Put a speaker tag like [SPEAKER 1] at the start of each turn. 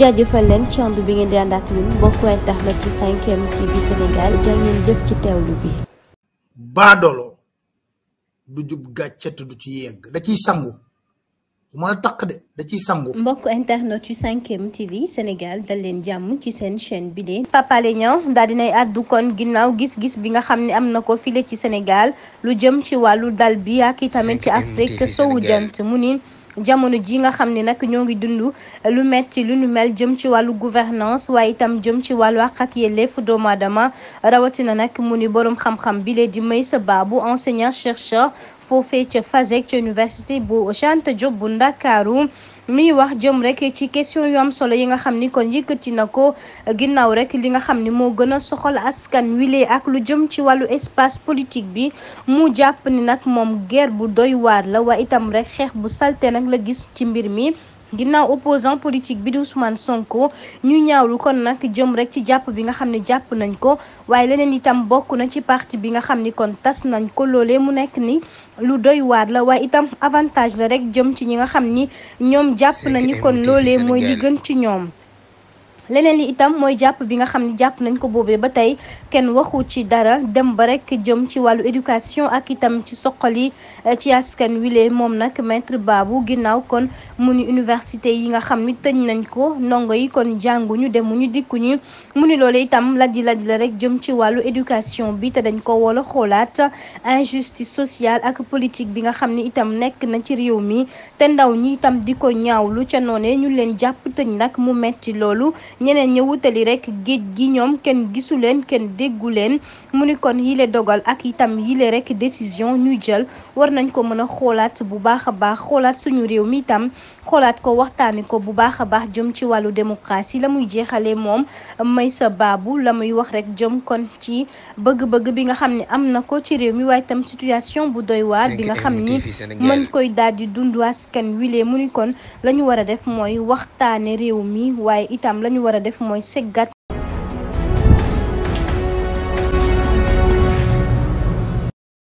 [SPEAKER 1] jaajëfal leen ci bi ngeen di ànd ak ñun mbokku internet yu 5M TV Sénégal jaa ngeen jëf ci teewlu bi. baadoolo du jub gàcce du ci yegg da ciy sangu mën internet yu 5 TV Sénégal dal leen jàmm ci seen chaîne bi de. Pape Alé Niang daal dinay àddu kon ginnaaw gis-gis bi nga xam ne am na ko file ci Sénégal lu jëm ci wàllu dal bi ak itamit ci Afrique sowu jant mu niin jamono ji nga xam ne nag ñoo ngi dund lu metti lu nu mel jëm ci wàllu gouvernance waaye itam jëm ci wàllu àq ak yelleef doomu aadama rawatina nag mu ni boroom xam-xam bi lee di may Meissa Babou enseignant chercheur foofee ca FASEG ca université bu Cheikh Anta bu Ndakaaru muy wax jëm rek ci question yu am solo yi nga xam ni kon yëkkati na ko ginnaaw rek li nga xam ni moo gën a soxal askan wile ak lu jëm ci wàllu espace politique bi mu jàpp ni nag moom guerre bu doy waar la waa itam rek xeex bu salte nag la gis ci mbir mi. ginnaaw opposant politique bi di Ousmane Sonko ñu ñaawlu kon nag jëm rek ci jàpp bi nga xam ne jàpp nañ ko waaye leneen itam bokk na ci parti bi nga xam ni kon tas nañ ko loolee mu nekk ni lu doy waar la waaye itam avantage la rek jëm ci ñi nga xam ni ñoom jàpp nañu kon loolee mooy li gën ci ñoom leneen yi itam mooy jàpp bi nga xam ne jàpp nañ ko boobee ba tey kenn waxu ci dara dem ba rek jëm ci wàllu éducation ak itam ci soqali eh, ci askan wile moom nag maître Babou ginnaaw kon mu ni université yi nga xam ni tëj nañ ko ndongo yi kon jànguñu demuñu dikkuñu mu ni loolu itam lajji laj la rek jëm ci wàllu éducation bi te dañ ko wala xoolaat injustice sociale ak politique bi nga xam ni itam nekk na ci réew mi te ndaw ñi itam di ko ñaawlu ca noonee ñu leen jàpp tëj nag mu metti loolu ñeneen ña wutali rek géej gi ñoom kenn gisu leen kenn déggu leen mu ni kon yile dogal ak itam yile rek décision ñu jël war nañ ko mën a xoolaat bu baax a baax xoolaat suñu réew mi itam xoolaat ko waxtaani ko bu baax a baax jëm ci wàllu démocratie la muy jeexalee moom may Meissa Babou la muy wax rek jëm kon ci bëgg-bëgg bi nga xam ne am na ko ci réew mi waaye itam situation bu doy waar bi nga xam ni mën koy daal di dundu askan wilee mu ni kon la ñu war a def mooy waxtaane réew mi waaye itam war a def mooy seggat